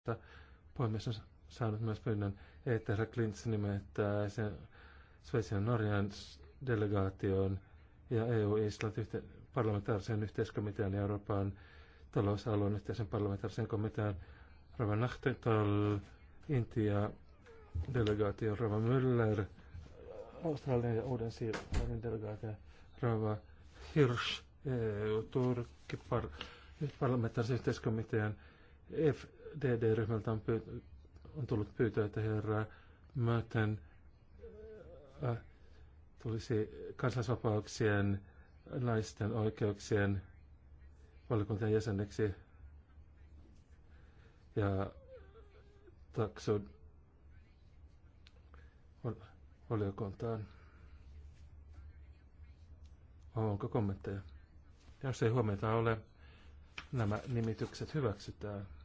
että puhemies on saanut myös pyynnön, että herra Klintz nimettää sen Sveitsin ja Norjan delegaation ja EU-Islannin parlamentaarisen yhteiskomitean ja Euroopan talousalueen yhteisen parlamentaarisen komitean Rava Nachtetal, Intia, delegaatio Rava Müller, Australian ja uuden siirtolainen delegaatio Rava Hirsch, EU, Turkki, par- parlamentaarisen yhteiskomitean F DD-ryhmältä on, pyyt- on tullut pyytö, että herra Möten äh, tulisi kansalaisvapauksien, naisten oikeuksien valiokuntien jäseneksi ja taksun valiokuntaan. Onko kommentteja? Jos ei huomiota ole, nämä nimitykset hyväksytään.